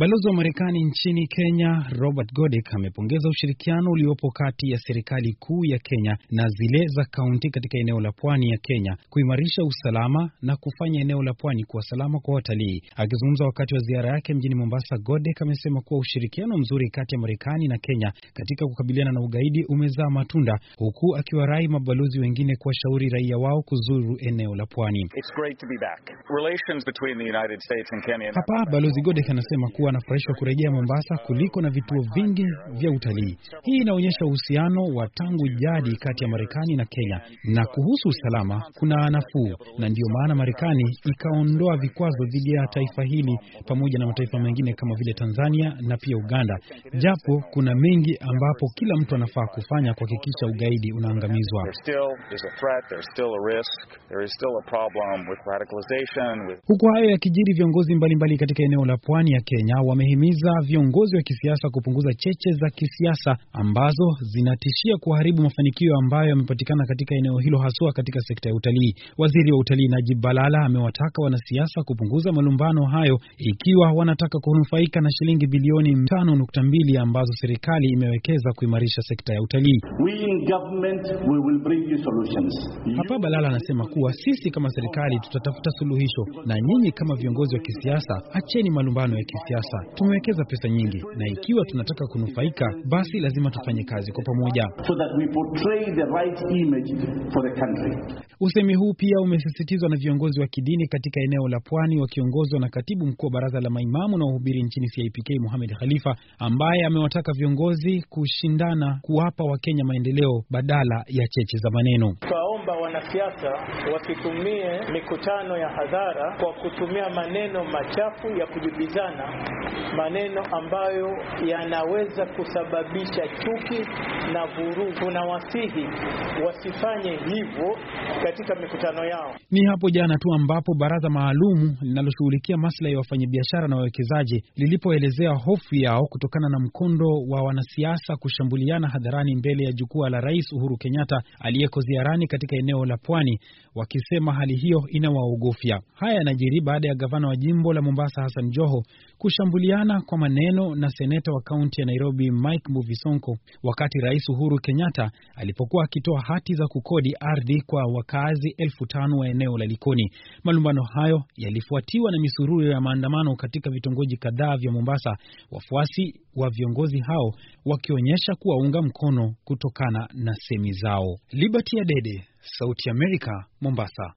Balozi wa Marekani nchini Kenya Robert godek amepongeza ushirikiano uliopo kati ya serikali kuu ya Kenya na zile za kaunti katika eneo la pwani ya Kenya kuimarisha usalama na kufanya eneo la pwani kuwa salama kwa watalii. Akizungumza wakati wa ziara yake mjini Mombasa, Godek amesema kuwa ushirikiano mzuri kati ya Marekani na Kenya katika kukabiliana na ugaidi umezaa matunda, huku akiwarai mabalozi wengine kuwashauri raia wao kuzuru eneo la pwani. Hapa Balozi Godek anasema kuwa wanafurahishwa kurejea Mombasa kuliko na vituo vingi vya utalii. Hii inaonyesha uhusiano wa tangu jadi kati ya Marekani na Kenya, na kuhusu usalama kuna nafuu, na ndiyo maana Marekani ikaondoa vikwazo dhidi ya taifa hili pamoja na mataifa mengine kama vile Tanzania na pia Uganda, japo kuna mengi ambapo kila mtu anafaa kufanya kuhakikisha ugaidi unaangamizwa. Huku hayo yakijiri, viongozi mbalimbali katika eneo la pwani ya Kenya wamehimiza viongozi wa kisiasa kupunguza cheche za kisiasa ambazo zinatishia kuharibu mafanikio ambayo yamepatikana katika eneo hilo haswa katika sekta ya utalii. Waziri wa utalii Najib Balala amewataka wanasiasa kupunguza malumbano hayo ikiwa wanataka kunufaika na shilingi bilioni nukta mbili ambazo serikali imewekeza kuimarisha sekta ya utalii. Hapa Balala anasema kuwa sisi kama serikali tutatafuta suluhisho na nyinyi kama viongozi wa kisiasa acheni malumbano ya kisiasa siasa. Tumewekeza pesa nyingi, na ikiwa tunataka kunufaika, basi lazima tufanye kazi kwa pamoja. So that we portray the right image for the country. Usemi huu pia umesisitizwa na viongozi wa kidini katika eneo la Pwani wakiongozwa na katibu mkuu wa Baraza la Maimamu na Wahubiri nchini CIPK muhamed Khalifa, ambaye amewataka viongozi kushindana kuwapa Wakenya maendeleo badala ya cheche za maneno kwamba wanasiasa wasitumie mikutano ya hadhara kwa kutumia maneno machafu ya kujibizana, maneno ambayo yanaweza kusababisha chuki na vurugu, na wasihi wasifanye hivyo katika mikutano yao. Ni hapo jana tu ambapo baraza maalumu linaloshughulikia maslahi ya wafanyabiashara na wawekezaji lilipoelezea hofu yao kutokana na mkondo wa wanasiasa kushambuliana hadharani mbele ya jukwaa la Rais Uhuru Kenyatta aliyeko ziarani katika eneo la Pwani wakisema hali hiyo inawaogofya. Haya yanajiri baada ya gavana wa jimbo la Mombasa Hassan Joho kushambuliana kwa maneno na seneta wa kaunti ya Nairobi Mike Muvisonko wakati Rais Uhuru Kenyatta alipokuwa akitoa hati za kukodi ardhi kwa wakazi elfu tano wa eneo la Likoni. Malumbano hayo yalifuatiwa na misururu ya maandamano katika vitongoji kadhaa vya Mombasa, wafuasi wa viongozi hao wakionyesha kuwaunga mkono kutokana na semi zao. Liberty Adede, Sauti Amerika, Mombasa.